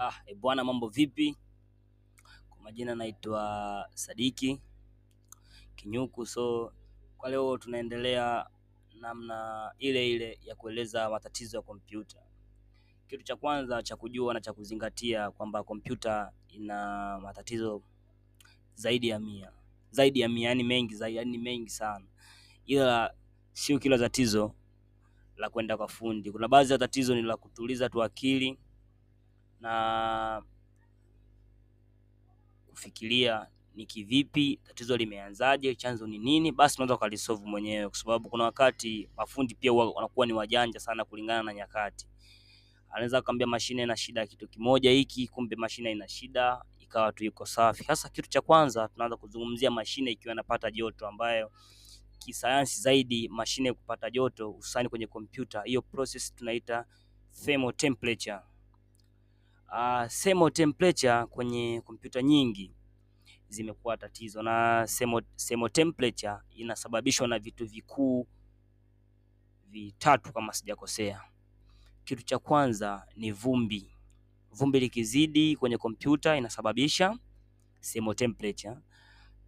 Ah, e bwana, mambo vipi? Kwa majina naitwa Sadiki Kinyuku. So kwa leo tunaendelea namna ile ile ya kueleza matatizo ya kompyuta. Kitu cha kwanza cha kujua na cha kuzingatia kwamba kompyuta ina matatizo zaidi ya mia, zaidi ya mia, yani mengi zaidi, yani mengi sana, ila sio kila tatizo la kwenda kwa fundi. Kuna baadhi ya tatizo ni la kutuliza tu akili na kufikiria ni kivipi tatizo limeanzaje, chanzo ni nini, basi unaweza ukalisolve mwenyewe, kwa sababu kuna wakati mafundi pia wanakuwa ni wajanja sana kulingana na nyakati. Anaweza kuambia mashine ina shida kitu kimoja hiki, kumbe mashine ina shida ikawa tu iko safi. Sasa kitu cha kwanza tunaanza kuzungumzia mashine ikiwa inapata joto, ambayo kisayansi zaidi mashine kupata joto hususani kwenye kompyuta, hiyo process tunaita thermal temperature uh, semo temperature kwenye kompyuta nyingi zimekuwa tatizo, na semo, semo temperature inasababishwa na vitu vikuu vitatu kama sijakosea. Kitu cha kwanza ni vumbi. Vumbi likizidi kwenye kompyuta inasababisha semo temperature,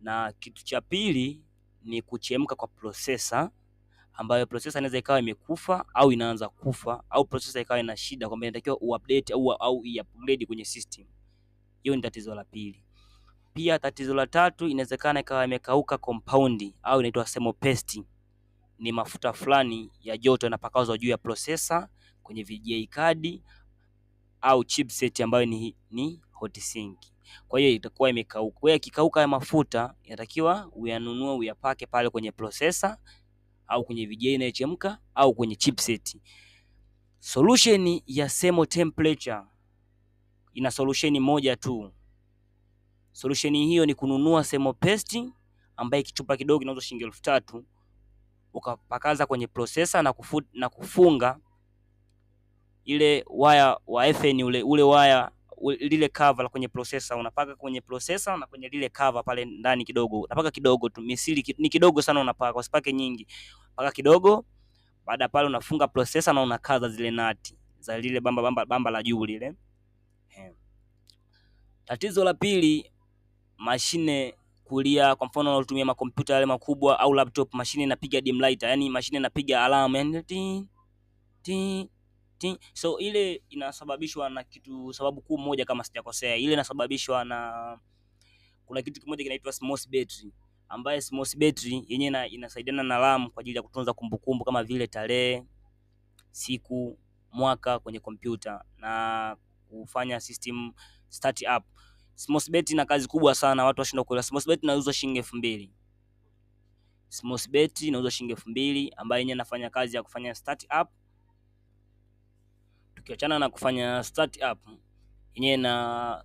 na kitu cha pili ni kuchemka kwa prosesa ambayo processor inaweza ikawa imekufa au inaanza kufa au processor ikawa ina shida kwamba inatakiwa uupdate au au iupgrade kwenye system. Hiyo ni tatizo la pili. Pia tatizo la tatu, inawezekana ikawa imekauka compound au inaitwa thermal paste. Ni mafuta fulani ya joto yanapakazwa juu ya processor kwenye VGA card au chipset ambayo ni, ni hot sink. Kwa hiyo itakuwa imekauka. Kwa hiyo ikikauka ya mafuta inatakiwa uyanunue uyapake pale kwenye processor au kwenye vijei inayochemka au kwenye chipset. Solution ya semo temperature ina solution moja tu. Solution hiyo ni kununua semo paste ambaye kichupa kidogo kinauzwa shilingi elfu tatu ukapakaza kwenye processor na, kufu, na kufunga ile waya wa FN ule, ule waya lile cover la kwenye processor, unapaka kwenye processor na kwenye lile cover pale ndani kidogo, unapaka kidogo tu misili, ni kidogo sana unapaka, usipake nyingi, paka kidogo. Baada pale unafunga processor na unakaza zile nati za lile bamba bamba, bamba la juu lile. Tatizo la pili, mashine kulia. Kwa mfano unatumia makompyuta yale makubwa au laptop, mashine inapiga dim light, yani mashine inapiga alarm yani ti ti ti. So ile inasababishwa na kitu, sababu kuu moja kama sijakosea, ile inasababishwa na kuna kitu kimoja kinaitwa small battery, ambaye small battery yenyewe inasaidiana na RAM kwa ajili ya kutunza kumbukumbu kama vile tarehe, siku, mwaka kwenye kompyuta na kufanya system start up. battery ina kazi kubwa sana, watu washindwa kuelewa. battery inauzwa shilingi 2000 mbili. battery inauzwa shilingi elfu mbili ambayo yenyewe inafanya kazi ya kufanya start up tukiachana na kufanya startup yenyewe na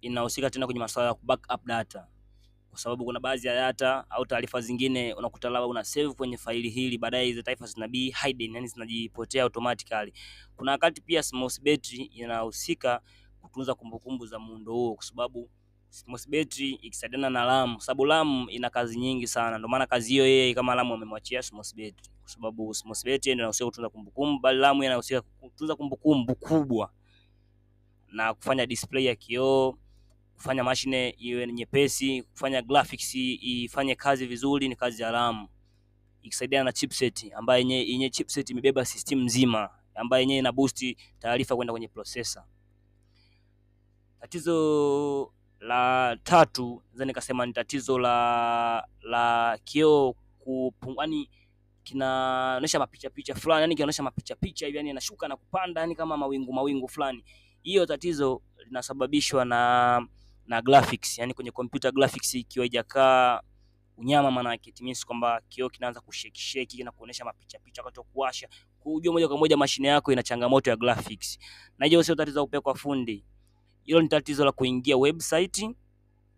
inahusika tena kwenye masuala ya back up data, kwa sababu kuna baadhi ya data au taarifa zingine unakuta labda una save kwenye faili hili, baadaye hizo taarifa zinabi hidden, yani zinajipotea automatically. Kuna wakati pia battery inahusika kutunza kumbukumbu za muundo huo kwa sababu Simosbetri ikisaidiana na Lam, sababu Lam ina kazi nyingi sana, ndio maana kazi hiyo yeye kama Lam amemwachia Simosbetri, kwa sababu Simosbetri ndio anahusika kutunza kumbukumbu, bali Lam anahusika kutunza kumbukumbu kubwa na kufanya display ya kioo, kufanya mashine iwe nyepesi, kufanya graphics ifanye kazi vizuri, ni kazi ya Lam ikisaidiana na chipset ambayo yenye yenye chipset imebeba system nzima ambayo yenye ina boost taarifa kwenda kwenye processor. Tatizo la tatu naweza nikasema ni tatizo la la kioo kupungua, yani kinaonesha mapicha picha fulani, yani kinaonesha mapicha picha hivi, yani yanashuka na kupanda, yani kama mawingu mawingu fulani. Hiyo tatizo linasababishwa na na graphics, yani kwenye computer graphics ikiwa haijakaa unyama, maana yake it means kwamba kioo kinaanza kushake shake na kuonesha mapicha picha wakati wa kuwasha, kujua moja kwa moja mashine yako ina changamoto ya graphics. Na hiyo sio tatizo upekwa fundi hilo ni tatizo la kuingia website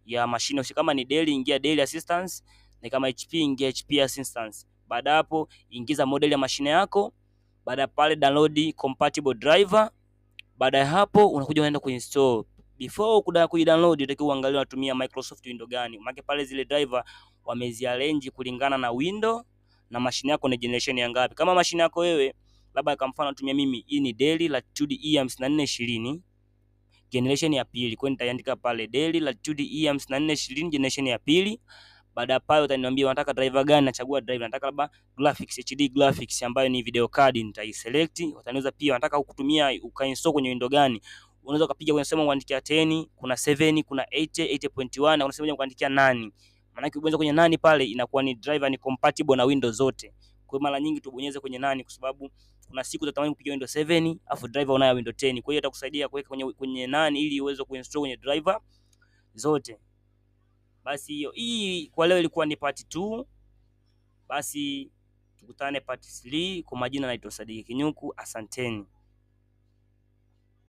ya mashine husika. Kama ni Dell, ingia Dell Assistance, na kama HP, ingia HP Assistance. Baada hapo, ingiza model ya mashine yako. Baada pale, download compatible driver. Baada hapo, unakuja unaenda kuinstall. Before kuda ku download, utakiwa uangalie unatumia Microsoft Windows gani, maana pale zile driver wameziarrange kulingana na window na mashine yako ni generation ya ngapi. Kama mashine yako wewe labda, kwa mfano, natumia mimi, hii ni Dell Latitude E5420 generation ya pili. Kwa hiyo nitaandika pale daily latitude EM 5420 generation ya pili. Baada ya pale utaniambia unataka driver gani, nachagua driver. Nataka labda graphics HD graphics ambayo ni video card, nitaiselect. Utaniuliza pia unataka kutumia ukainstall kwenye window gani? Unaweza ukapiga kwenye sema kuandikia 10, kuna 7, kuna 8, 8.1 na unasema sehemu kuandikia 8. Maana kwenye nani pale inakuwa ni driver ni compatible na window zote. Kwa mara nyingi tubonyeze kwenye nani, kwa sababu kuna siku utatamani kupiga Windows 7 afu driver unayo Windows 10. Kwa hiyo itakusaidia kuweka kwenye, kwenye nani ili uweze kuinstall kwenye driver zote. Basi hiyo hii kwa leo ilikuwa ni part 2. Basi tukutane part 3. Kwa majina naitwa Sadiki Kinyuku, asanteni.